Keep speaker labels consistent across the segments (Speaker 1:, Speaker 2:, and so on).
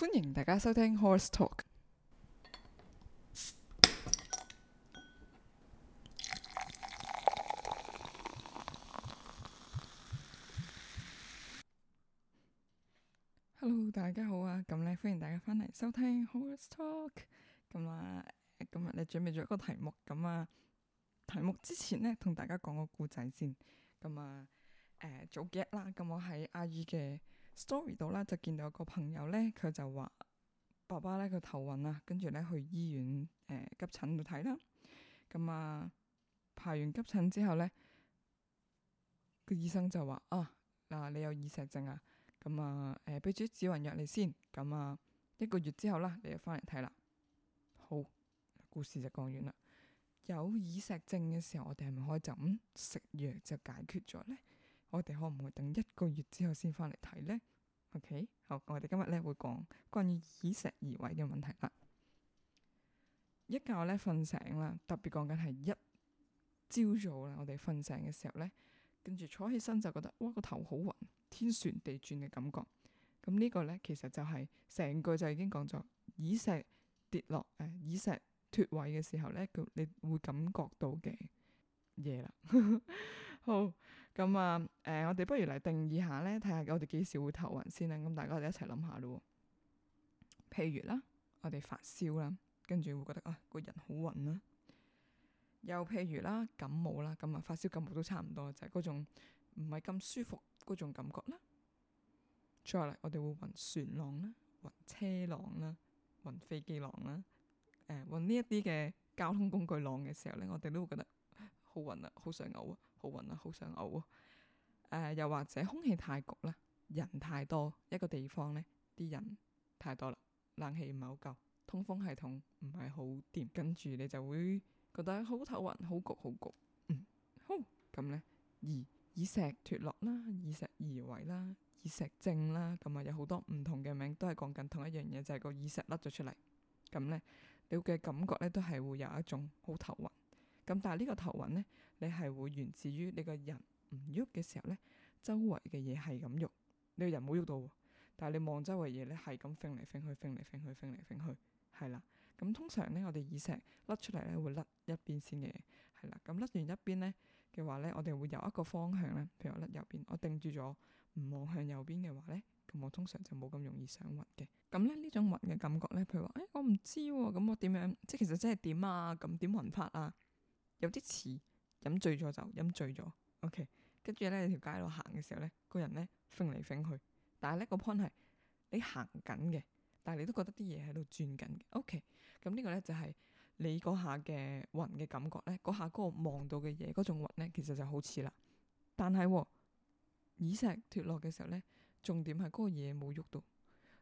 Speaker 1: 歡迎大家收聽《Horse Talk》。Hello，大家好啊！咁咧，歡迎大家翻嚟收聽《Horse Talk》。咁啊，今日咧準備咗一個題目。咁啊，題目之前咧同大家講個故仔先。咁啊，誒，早幾日啦。咁我喺阿姨嘅。story 到啦，就見到個朋友咧，佢就話爸爸咧佢頭暈啊，跟住咧去醫院誒、呃、急診度睇啦。咁、嗯、啊排完急診之後咧，個醫生就話啊嗱、啊、你有耳石症啊，咁、嗯、啊誒俾住止暈藥你先，咁、嗯、啊一個月之後啦，你就翻嚟睇啦。好，故事就講完啦。有耳石症嘅時候，我哋係咪可以就咁食藥就解決咗咧？我哋可唔可以等一個月之後先翻嚟睇咧？OK，好，我哋今日咧會講關於耳石移位嘅問題啦。一覺咧瞓醒啦，特別講緊係一朝早啦。我哋瞓醒嘅時候咧，跟住坐起身就覺得哇，個頭好暈，天旋地轉嘅感覺。咁、嗯這個、呢個咧其實就係成句就已經講咗耳石跌落誒、呃，耳石脫位嘅時候咧，佢你會感覺到嘅嘢啦。 好。咁啊，誒、嗯，我哋不如嚟定義下咧，睇下我哋幾時會頭暈先啦。咁大家就一齊諗下咯。譬如啦，我哋發燒啦，跟住會覺得啊，個、哎、人好暈啦。又譬如啦，感冒啦，咁啊，發燒感冒都差唔多，就係、是、嗰種唔係咁舒服嗰種感覺啦。再嚟，我哋會暈船浪啦，暈車浪啦，暈飛機浪啦。誒、呃，暈呢一啲嘅交通工具浪嘅時候咧，我哋都會覺得好、哎、暈啊，好想嘔啊。好暈啊，好想嘔啊！誒、啊呃，又或者空氣太焗啦，人太多，一個地方咧啲人太多啦，冷氣唔係好夠，通風系統唔係好掂，跟住你就會覺得好頭暈，好焗，好焗。嗯，好，咁咧，而耳石脫落啦，耳石移位啦，耳石症啦，咁啊有好多唔同嘅名，都係講緊同一樣嘢，就係個耳石甩咗出嚟。咁咧，你嘅感覺咧都係會有一種好頭暈。咁但係呢個頭暈咧，你係會源自於你個人唔喐嘅時候咧，周圍嘅嘢係咁喐，你個人冇喐到，但係你望周圍嘢咧係咁揈嚟揈去揈嚟揈去揈嚟揈去，係啦。咁通常咧，我哋耳石甩出嚟咧會甩一邊先嘅，係啦。咁甩完一邊咧嘅話咧，我哋會有一個方向咧，譬如話甩右邊，我定住咗唔望向右邊嘅話咧，咁我通常就冇咁容易想暈嘅。咁咧呢種暈嘅感覺咧，譬如話，誒、哎、我唔知喎，咁、嗯、我點樣？即其實即係點啊？咁點暈法啊？有啲似飲醉咗就飲醉咗，OK。跟住咧，條街度行嘅時候咧，個人咧揈嚟揈去，但係咧個 point 係你行緊嘅，但係你都覺得啲嘢喺度轉緊嘅，OK。咁呢個咧就係、係、你嗰下嘅暈嘅感覺咧，嗰下嗰個望到嘅嘢嗰種暈咧，其實就好似啦。但係耳石脫落嘅時候咧，重點係嗰個嘢冇喐到，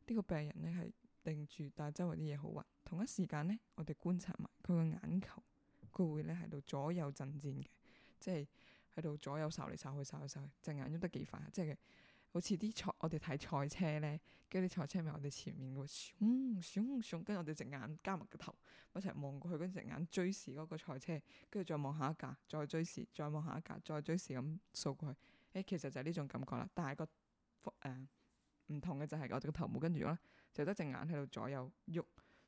Speaker 1: 呢個病人咧係定住，但係周圍啲嘢好暈。同一時間咧，我哋觀察埋佢個眼球。佢會咧喺度左右陣戰嘅，即係喺度左右掃嚟掃去、掃嚟掃去，隻眼喐得幾快，即係好似啲賽，我哋睇賽車咧，跟住啲賽車咪我哋前面嘅，咻咻咻咻，跟住我哋隻眼加埋個頭我一齊望過去，跟住隻眼追視嗰個賽車，跟住再望下一格，再追視，再望下一格，再追視咁掃過去。誒、欸，其實就係呢種感覺啦，但係個誒唔同嘅就係、是、我哋個頭冇跟住啦，就得隻眼喺度左右喐。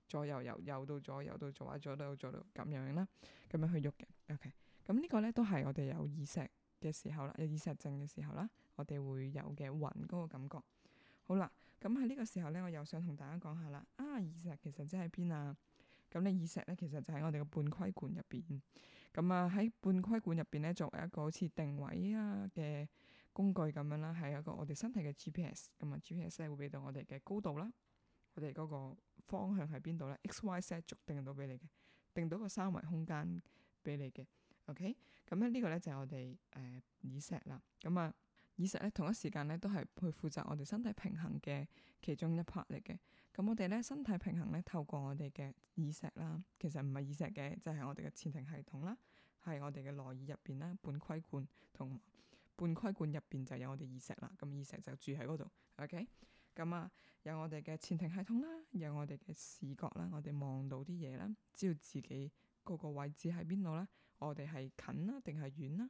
Speaker 1: 左右右，右到左右，左右到左啊，左右到左到咁樣啦，咁樣去喐嘅。OK，咁呢個咧都係我哋有耳石嘅時候啦，有耳石症嘅時候啦，我哋會有嘅暈嗰個感覺。好啦，咁喺呢個時候咧，我又想同大家講下啦。啊，耳石其實即係邊啊？咁你耳石咧其實就喺我哋嘅半規管入邊。咁啊喺半規管入邊咧，作為一個好似定位啊嘅工具咁樣啦，係一個我哋身體嘅 GPS。咁啊 GPS 咧會俾到我哋嘅高度啦，我哋嗰個。方向喺邊度咧？X、Y、Z 軸定到俾你嘅，定到個三維空間俾你嘅。OK，咁咧呢個咧就係我哋誒耳石啦。咁、呃、啊，耳石咧同一時間咧都係去負責我哋身體平衡嘅其中一 part 嚟嘅。咁我哋咧身體平衡咧透過我哋嘅耳石啦，其實唔係耳石嘅，就係我哋嘅前庭系統啦，係我哋嘅內耳入邊啦，半規管同半規管入邊就有我哋耳石啦。咁耳石就住喺嗰度。OK。咁啊、嗯，有我哋嘅前庭系統啦，有我哋嘅視覺啦，我哋望到啲嘢啦，知道自己個個位置喺邊度啦，我哋係近啦定係遠啦？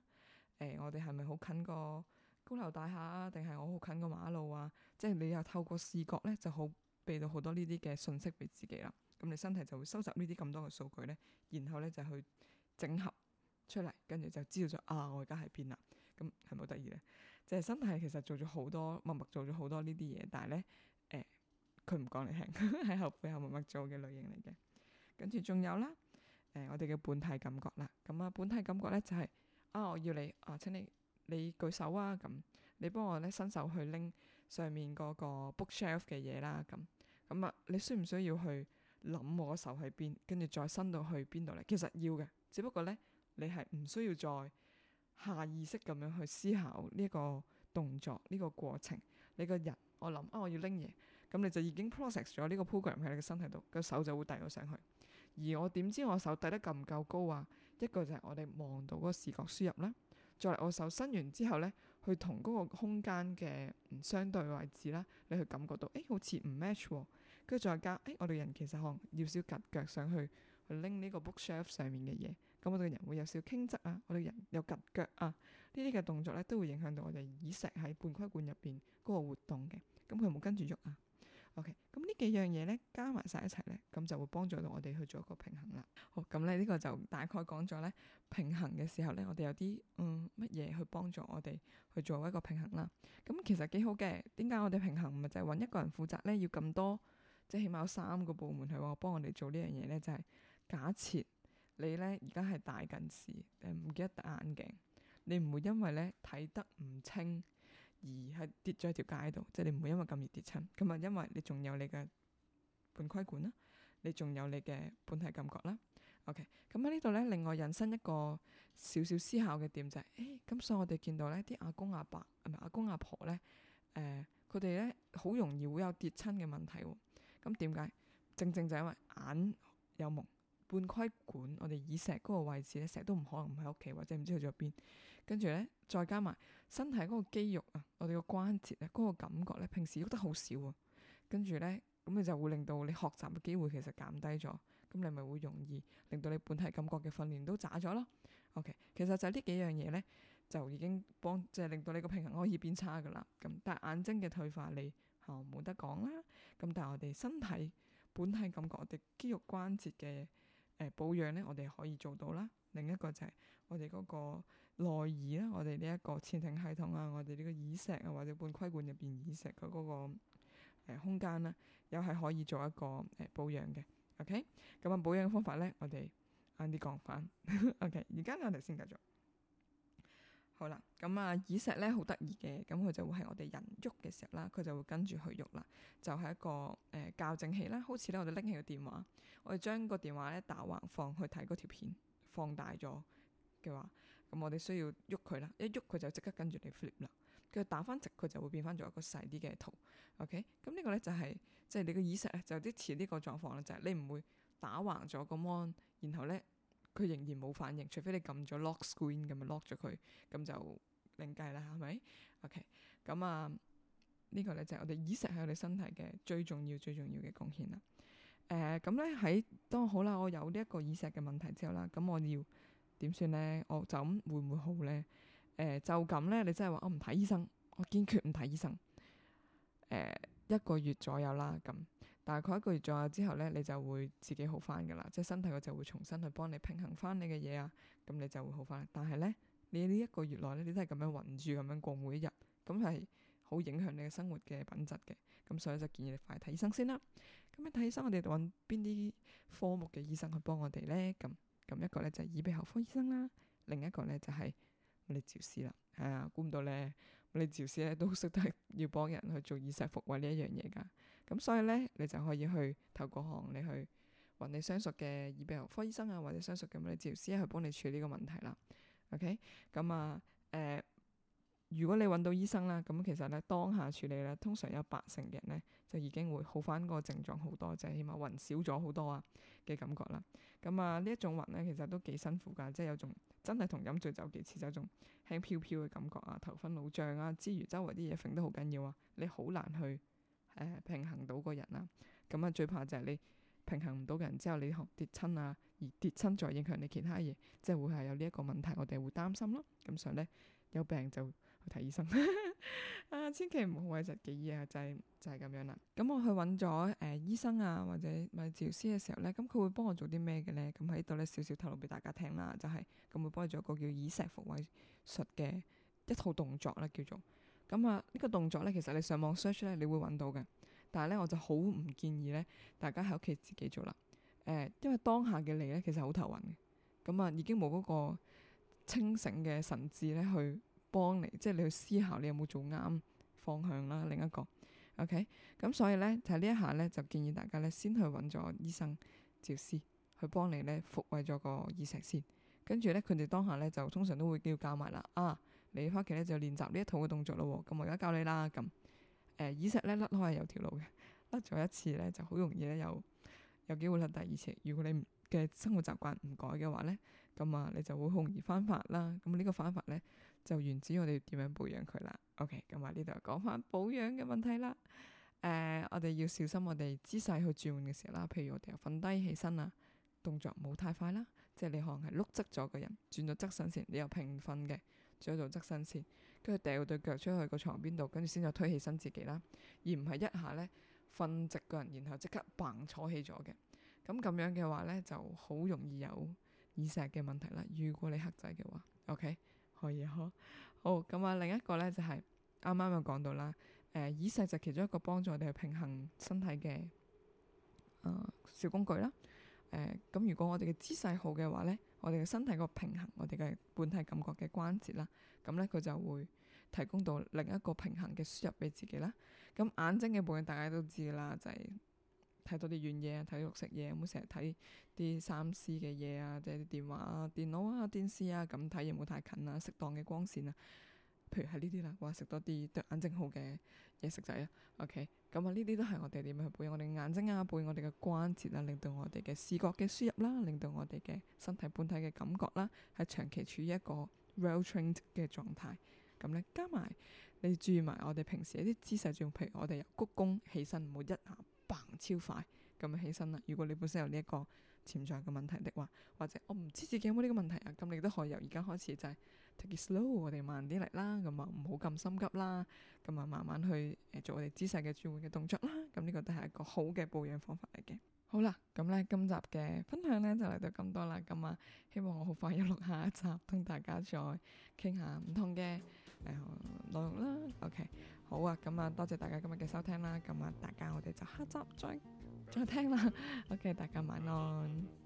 Speaker 1: 誒、呃，我哋係咪好近個高樓大廈啊？定係我好近個馬路啊？即係你又透過視覺咧，就好俾到好多呢啲嘅信息俾自己啦。咁你身體就會收集呢啲咁多嘅數據咧，然後咧就去整合出嚟，跟住就知道咗啊，我而家喺邊啦。咁係咪好得意咧？即係身體其實做咗好多，默默做咗好多呢啲嘢，但係咧誒佢唔講你聽，喺後背後默默做嘅類型嚟嘅。跟住仲有啦，誒、呃、我哋嘅本體感覺啦，咁、嗯、啊本體感覺咧就係、是、啊我要你啊請你你舉手啊咁，你幫我咧伸手去拎上面嗰個 bookshelf 嘅嘢啦咁，咁啊你需唔需要去諗我個手喺邊，跟住再伸到去邊度嚟？其實要嘅，只不過咧你係唔需要再。下意識咁樣去思考呢個動作，呢個過程，你個人，我諗啊，我要拎嘢，咁你就已經 process 咗呢個 program 喺你嘅身體度，個手就會遞咗上去。而我點知我手遞得夠唔夠高啊？一個就係我哋望到個視覺輸入啦，再嚟我手伸完之後咧，去同嗰個空間嘅唔相對位置啦，你去感覺到，誒，好似唔 match 喎，跟住再加，誒，我哋人其實可能要少夾腳上去去拎呢個 bookshelf 上面嘅嘢。咁我哋人會有少傾側啊，我哋人有夾腳啊，呢啲嘅動作咧都會影響到我哋耳石喺半規管入邊嗰個活動嘅。咁佢冇跟住喐啊。OK，咁呢幾樣嘢咧加埋晒一齊咧，咁就會幫助到我哋去做一個平衡啦。好，咁咧呢個就大概講咗咧平衡嘅時候咧，我哋有啲嗯乜嘢去幫助我哋去做一個平衡啦。咁其實幾好嘅。點解我哋平衡唔係就係揾一個人負責咧？要咁多，即係起碼有三個部門去幫我哋做呢樣嘢咧，就係假設。你咧而家係戴近視，誒唔記得戴眼鏡，你唔會因為咧睇得唔清而係跌咗喺條街度，即係你唔會因為咁而跌親。咁啊，因為你仲有你嘅半規管啦，你仲有你嘅本體感覺啦。OK，咁喺呢度咧，另外引申一個少少思考嘅點就係、是，誒、哎，咁所以我哋見到咧啲阿公阿伯，唔係阿公阿婆咧，誒，佢哋咧好容易會有跌親嘅問題喎。咁點解？正正就因為眼有矇。半規管，我哋耳石嗰個位置咧，成日都唔可能唔喺屋企，或者唔知去咗邊。跟住咧，再加埋身體嗰個肌肉啊，我哋個關節咧，嗰個感覺咧，平時喐得好少啊。跟住咧，咁你就會令到你學習嘅機會其實減低咗。咁你咪會容易令到你本體感覺嘅訓練都渣咗咯。OK，其實就係呢幾樣嘢咧，就已經幫即係、就是、令到你個平衡可以變差噶啦。咁但係眼睛嘅退化你嚇冇得講啦。咁、哦、但係我哋身體本體感覺，我哋肌肉關節嘅。誒保養咧，我哋可以做到啦。另一個就係我哋嗰個內耳啦，我哋呢一個前庭系統啊，我哋呢個耳石啊，或者半規管入邊耳石佢嗰、那個誒、呃、空間啦、啊，又係可以做一個誒、呃、保養嘅。OK，咁啊保養嘅方法咧，我哋晏啲講翻。 OK，而家我哋先繼續。好啦，咁啊耳石咧好得意嘅，咁佢就會係我哋人喐嘅時候啦，佢就會跟住去喐啦，就係、是、一個誒、呃、校正器啦。好似咧我哋拎起個電話，我哋將個電話咧打橫放去睇嗰條片，放大咗嘅話，咁我哋需要喐佢啦，一喐佢就即刻跟住你 flip 啦。佢打翻直，佢就會變翻咗一個細啲嘅圖。OK，咁呢個咧就係即係你嘅耳石咧，就是、有啲似呢個狀況啦，就係、是、你唔會打橫咗個 mon，然後咧。佢仍然冇反應，除非你撳咗 lock screen 咁咪 lock 咗佢，咁就另計啦，係咪？OK，咁啊呢、呢個咧就係我哋耳石喺我哋身體嘅最重要、最重要嘅貢獻啦。誒、呃，咁咧喺當好啦，我有呢一個耳石嘅問題之後啦，咁我要點算咧？我就咁會唔會好咧？誒、呃，就咁咧？你真係話我唔睇醫生，我堅決唔睇醫生。誒、呃，一個月左右啦，咁。大概一個月左右之後咧，你就會自己好翻嘅啦，即係身體佢就會重新去幫你平衡翻你嘅嘢啊，咁你就會好翻。但係咧，你呢一個月內咧，你都係咁樣暈住咁樣過每一日，咁係好影響你嘅生活嘅品質嘅。咁所以就建議你快去睇醫生先啦。咁樣睇醫生，我哋揾邊啲科目嘅醫生去幫我哋咧？咁咁一個咧就係耳鼻喉科醫生啦，另一個咧就係我哋照師啦，係啊，估唔到咧～你治療師咧都識得要幫人去做耳石復位呢一樣嘢噶，咁所以咧你就可以去透過行你去揾你相熟嘅耳鼻喉科醫生啊，或者相熟嘅物理治療師去幫你處理呢個問題啦。OK，咁啊誒。嗯如果你揾到醫生啦，咁其實咧當下處理咧，通常有八成嘅人咧就已經會好翻個症狀好多，即係起碼暈少咗好多啊嘅感覺啦。咁啊呢一種暈咧，其實都幾辛苦噶，即係有種真係同飲醉酒幾似，就有種輕飄飄嘅感覺啊，頭昏腦脹啊，之餘周圍啲嘢揈得好緊要啊，你好難去誒平衡到個人啊。咁啊最怕就係你平衡唔到個人之後，你跌親啊，而跌親再影響你其他嘢，即係會係有呢一個問題，我哋會擔心咯。咁所以咧有病就，睇醫生啊！千祈唔好諱疾忌醫，就係、是、就係、是、咁樣啦。咁我去揾咗誒醫生啊，或者咪治療師嘅時候咧，咁佢會幫我做啲咩嘅咧？咁喺度咧，少少透露俾大家聽啦，就係、是、咁會幫你做一個叫耳石復位術嘅一套動作啦，叫做咁啊。呢、這個動作咧，其實你上網 search 咧，你會揾到嘅。但係咧，我就好唔建議咧，大家喺屋企自己做啦。誒、呃，因為當下嘅你咧，其實好頭暈嘅，咁啊已經冇嗰個清醒嘅神智咧去。幫你，即係你去思考你有冇做啱方向啦。另一個，OK，咁所以咧就係呢一下咧就建議大家咧先去揾咗醫生、照師去幫你咧復位咗個耳石先。跟住咧佢哋當下咧就通常都會叫教埋啦。啊，你翻屋企咧就練習呢一套嘅動作咯。咁我而家教你啦。咁誒耳石咧甩開係有條路嘅，甩咗一次咧就好容易咧有有機會甩第二次。如果你唔～嘅生活習慣唔改嘅話咧，咁啊你就會好容易翻發啦。咁呢個翻發咧就源自於我哋點樣保養佢啦。OK，咁啊呢度講翻保養嘅問題啦。誒、呃，我哋要小心我哋姿勢去轉換嘅時候啦。譬如我哋又瞓低起身啦，動作唔好太快啦。即係你可能係碌側咗個人轉咗側身先，你又平瞓嘅，轉咗側身先。跟住掉對腳出去個床邊度，跟住先再推起身自己啦，而唔係一下咧瞓直個人，然後即刻 bang 坐起咗嘅。咁咁樣嘅話咧，就好容易有耳石嘅問題啦。如果你黑仔嘅話，OK 可以呵。好咁啊，另一個咧就係啱啱有講到啦。誒、呃、耳石就係其中一個幫助我哋去平衡身體嘅誒、呃、小工具啦。誒、呃、咁如果我哋嘅姿勢好嘅話咧，我哋嘅身體個平衡，我哋嘅本體感覺嘅關節啦，咁咧佢就會提供到另一個平衡嘅輸入俾自己啦。咁眼睛嘅部分大家都知啦，就係、是。睇多啲遠嘢，啊，睇啲綠色嘢，唔好成日睇啲三 C 嘅嘢啊，即係啲電話啊、電腦啊、電視啊咁睇嘢，唔好太近啊，適當嘅光線啊，譬如係呢啲啦，話食多啲對眼睛好嘅嘢食仔啊。OK，咁啊呢啲都係我哋點樣去保養我哋嘅眼睛啊，保養我哋嘅關節啊，令到我哋嘅視覺嘅輸入啦，令到我哋嘅身體本體嘅感覺啦，係長期處於一個 well trained 嘅狀態。咁咧加埋你注意埋我哋平時一啲姿勢，就譬如我哋由鞠躬起身，唔好一下。嘭超快咁啊起身啦！如果你本身有呢一個潛在嘅問題的話，或者我唔知自己有冇呢個問題啊，咁你都可以由而家開始就係 take it slow，我哋慢啲嚟啦，咁啊唔好咁心急啦，咁啊慢慢去誒做我哋姿勢嘅轉換嘅動作啦，咁呢個都係一個好嘅保養方法嚟嘅。好啦，咁咧今集嘅分享咧就嚟到咁多啦，咁啊希望我好快又錄下一集，同大家再傾下唔同嘅誒內容啦。OK，好啊，咁、嗯、啊，多謝大家今日嘅收聽啦，咁、嗯、啊，大家我哋就下集再再聽啦，OK，大家晚安。